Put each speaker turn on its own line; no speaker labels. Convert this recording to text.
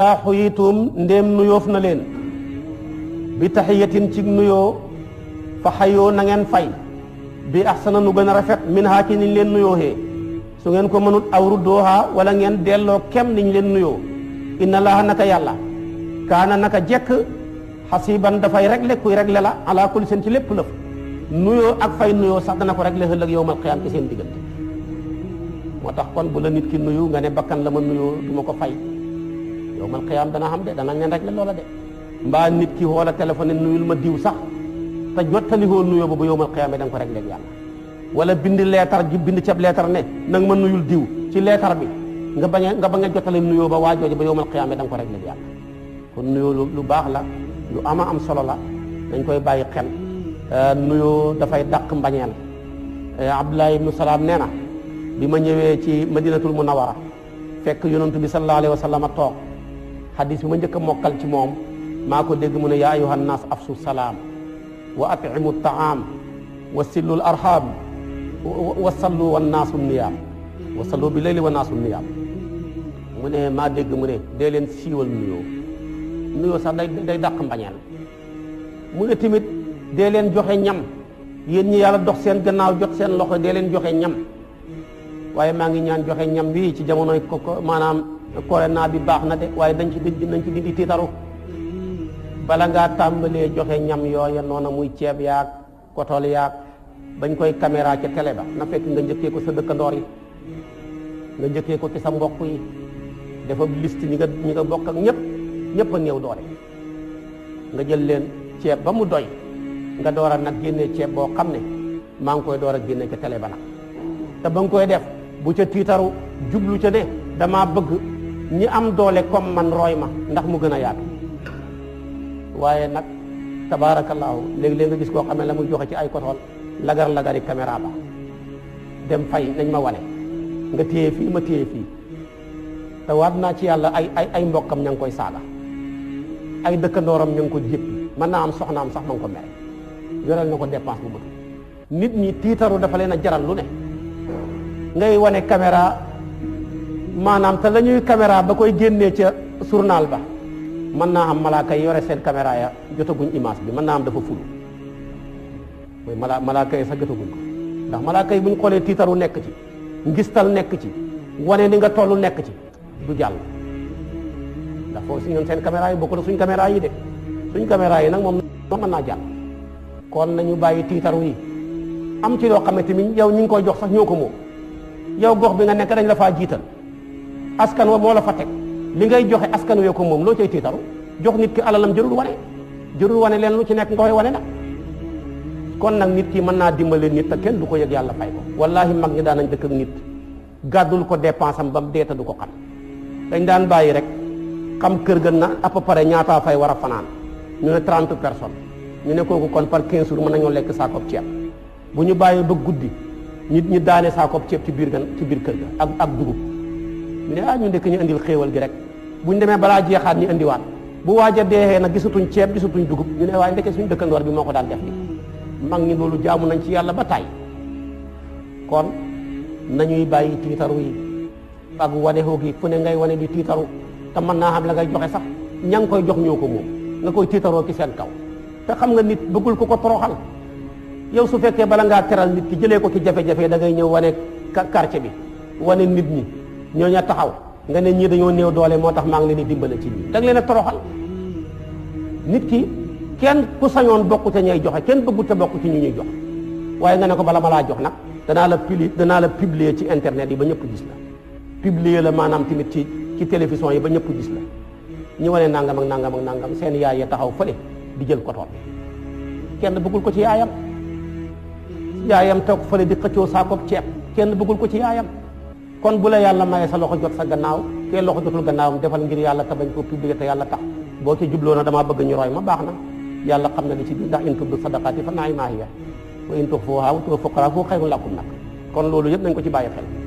daa xuyitum ndéem nuyoof na leen bi taxiyatin ci nuyoo fa xayoo na ngeen fay bi ak sana nu gën a rafet min haa ci niñ leen nuyooxee su ngeen ko mënut aw ruddooxaa wala ngeen delloo kem niñ leen nuyoo inna laaha naka yàlla kaana naka jekk xasiban dafay regle kuy regle la ala kulli seen ci lépp lëf nuyoo ak fay nuyoo sax dana ko regle ëllëg yowmal qiyaam ci seen diggante moo tax kon bu la nit ki nuyu nga ne bakkan la ma nuyoo du ko fay yow man xiyaam dana xam de danañ leen rek la loola de mbaa nit ki xoola téléphone nuyul ma diw sax te jottali woon nuyoo ba bu yow mal xiyaam danga ko rek leen yàlla wala bind leetar ji bind ceeb leetar ne nanga ma nuyul diw ci leetar bi nga bañ a nga ba nga jottali nuyoo ba waa jooju ba yow mal xiyaam danga ko rek leen yàlla kon nuyoo lu baax la lu ama am solo la dañ koy bàyyi xel euh, nuyoo dafay dàq mbañeel euh, Abdullah ibnu Salaam nee na bi ma ñëwee ci madinatul munawara fekk yonantu bi sallallahu alayhi wa sallam toog xadis bi ma njëkk a mokkal ci moom maa ko dégg mu ne yaa ayuha afsu salaam wa atimu taam wa sillul arham wa sallu wa naasu niyaam wa sallu bi layli wa naasu niyaam mu ne maa dégg mu ne dee leen siiwal nuyoo nuyoo sax day day mbañeel mu ne tamit dee leen joxe ñam yéen ñi yàlla dox seen gannaaw jot seen loxo dee leen joxe ñam waaye maa ngi ñaan joxe ñam bii ci jamonoy ko maanaam corona bi baax na de waaye dañ ci dindi nañ ci dindi tiitaru bala ngaa tàmbalee joxe ñam yooya noona muy ceeb yaag kotol yaag bañ koy caméra ca télé ba na fekk nga ko sa dëkkandoor nga njëkkee ko ci sa mbokk dafa liste ñi bokk ak ñëpp ñëpp a néew doole jël leen ceeb ba mu doy nga door a nag génnee ceeb boo xam ne maa ngi koy door a génne ca télé ba nag te ba nga koy def bu ca tiitaru jublu ca ne damaa bëgg ñi am doole comme man roy ma ndax mu gën a yaatu waaye nag tabaarakallaahu léegi-léegi nga gis koo xam ne la muy joxe ci ay kotool lagar-lagari caméra ba dem fay nañ ma wane nga téye fii ma téye fii te waat naa ci yàlla ay ay ay mbokkam ña ngi koy saaga ay dëkkandooram ña ngi ko jéppi mën naa am soxnaam sax ma ko mere yoreel na ko dépense bu bëtu nit ñi tiitaru dafa leen a jaral lu ne ngay wane caméra maanaam te lañuy ñuy ba koy génnee ca surnaal ba mën naa am malaaka yi yore seen caméra ya jotaguñ image bi mën naa am dafa fulu mooy mala malaaka yi sax jotaguñ ko ndax malaaka yi bu ñu xoolee tiitaru nekk ci ngistal nekk ci wane ni nga toll nekk ci du jàll ndax foofu si ñoom seen caméra yi bokkul suñ caméra yi de suñ caméra yi nag moom mën naa jàll kon nañu bàyyi tiitaru yi am ci loo xamante ni yow ñi ngi koy jox sax ñëw ko moom yow gox bi nga nekk dañ la faa jiital askan wa moo fa teg li ngay joxe askan wee ko moom loo cay tiitaru jox nit ki alalam jërul wane jërul wane leen lu ci nekk nga koy wane nag kon nag nit ki mën naa dimbale nit te kenn du ko yëg yàlla fay ko wallahi mag ñi daan nañ dëkk ak nit gàddul ko dépense am bam mu deeta du ko xam dañ daan bàyyi rek xam kër gën na à peu près ñaataa fay war a fanaan ñu ne trente personnes ñu ne kooku kon par quinze jours mën nañoo lekk saakob ceeb bu ñu bàyyee ba guddi nit ñi daane saakob ceeb ci biir ci biir kër ga ak ak dugub ñu ne ah ñu ndekk ñu indil xéewal gi rek buñ demee balaa jeexaat ñu indiwaat bu waaj a deexee nag gisatuñ ceeb gisatuñ dugub ñu ne waaye ndekkee suñu dëkkandoor bi moo ko daan def bi mag ñi loolu jaamu nañ ci yàlla ba tàyy kon nañuy bàyyi tiitaru yi ak wane gi fu ne ngay wane di tiitaru te mën naa xam la ngay joxe sax ña ngi koy jox ñoo ko moom nga koy tiitaroo ci seen kaw te xam nga nit bëggul ko ko toroxal yow su fekkee bala ngaa teral nit ki jëlee ko ci jafe-jafe da ngay ñëw wane quartier bi wane nit ñi ñooña taxaw nga ne ñii dañoo néew doole moo tax maa ngi leen di dimbale ci ñi da nga leen a toroxal nit ki kenn ku sañoon bokk ca ñay joxe kenn bëggut te bokk ci ñu ñuy jox waaye nga ne ko bala ma laa jox nag danaa la pili danaa la publier ci internet yi ba ñëpp gis la publier la maanaam tamit ci ci télévision yi ba ñëpp gis la ñu wane nangam ak nangam ak nangam seen yaay ya taxaw fële di jël kotoon kenn bëggul ko ci yaayam yaayam toog fële di xëccoo saakob ceeb kenn bëggul ko ci yaayam kon bu la yàlla maye sa loxo jot sa gannaaw kee loxo jotul gannaawam defal ngir yàlla te bañ koo publier te yàlla tax boo ci jubloo na damaa bëgg ñu roy ma baax na yàlla xam na li ci biir ndax in tubdu sadaqaati fa naay maay maahiya wa in tuxfuuhaa wa tu'tuuha fuqaraa foo xayrun lakum nag kon loolu yëpp nañ ko ci bàyyi xel